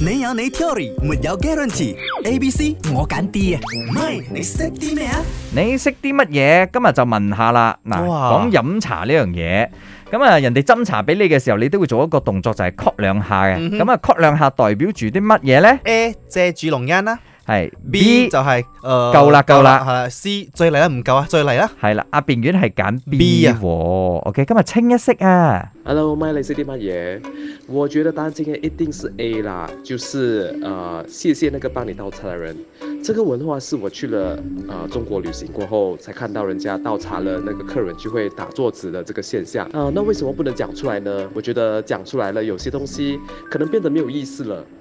你有你 theory 沒有 guarantee。A B C 我揀 D 啊，唔係，你識啲咩啊？你識啲乜嘢？今日就問下啦。嗱，講飲哇茶呢樣嘢，咁啊，人哋斟茶俾你嘅時候，你都會做一個動作，就係、是、cur 兩下嘅。咁啊，cur 兩下代表住啲乜嘢咧？誒，借住龍欣啦。係 B 就係誒夠啦夠啦係啦 C 再嚟啦唔夠啊再嚟啦係啦阿邊遠係揀 B, B 啊、哦、，OK 今日清一色啊。Hello my lady 媽爺，我覺得答案今天一定是 A 啦，就是誒、呃、謝謝那個幫你倒茶的人。這個文化是我去了誒、呃、中國旅行過後，才看到人家倒茶了，那個客人就會打坐子的這個現象。啊、呃，那為什麼不能講出來呢？我覺得講出來了，有些東西可能變得沒有意思了。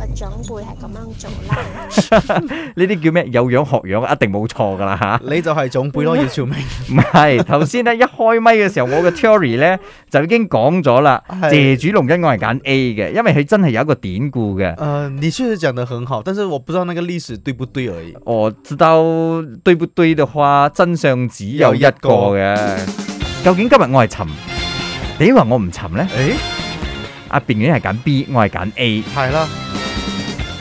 個長輩係咁樣做啦，呢啲 叫咩？有樣學樣，一定冇錯噶啦吓。啊、你就係長輩咯， 要做咩？唔係，頭先咧一開咪嘅時候， 我嘅 theory 咧就已經講咗啦。是謝主隆恩，我係揀 A 嘅，因為佢真係有一個典故嘅。誒、呃，你確實講得很好，但是我不知道那個歷史對不對而已。我知道對不對的話，真相只有一個嘅。個究竟今日我係沉，你話我唔沉咧？誒，阿 Bian 係揀 B，我係揀 A。係啦。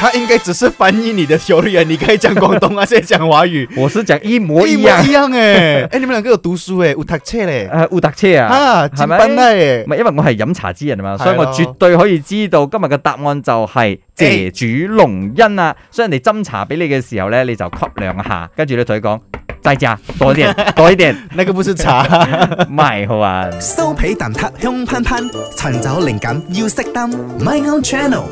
他應該只是翻譯你的球員，啊，你可以講廣東啊，現在講華語， 我是講一模一樣一，模一樣哎、欸、哎、 欸，你們兩個有讀書哎、欸，有讀冊嘞，呃，有讀冊啊，哈、嗯，極品哎，唔係吧，因為我係飲茶之人嘛，咯所以我絕對可以知道今日嘅答案就係謝主隆恩啊，欸、所以人哋斟茶俾你嘅時候咧，你就吸兩下，跟住你同佢講大家多一點，多一點， 那個不是茶，唔 係 好啊玩，酥皮蛋撻香噴噴，尋找靈感要熄燈，My own channel。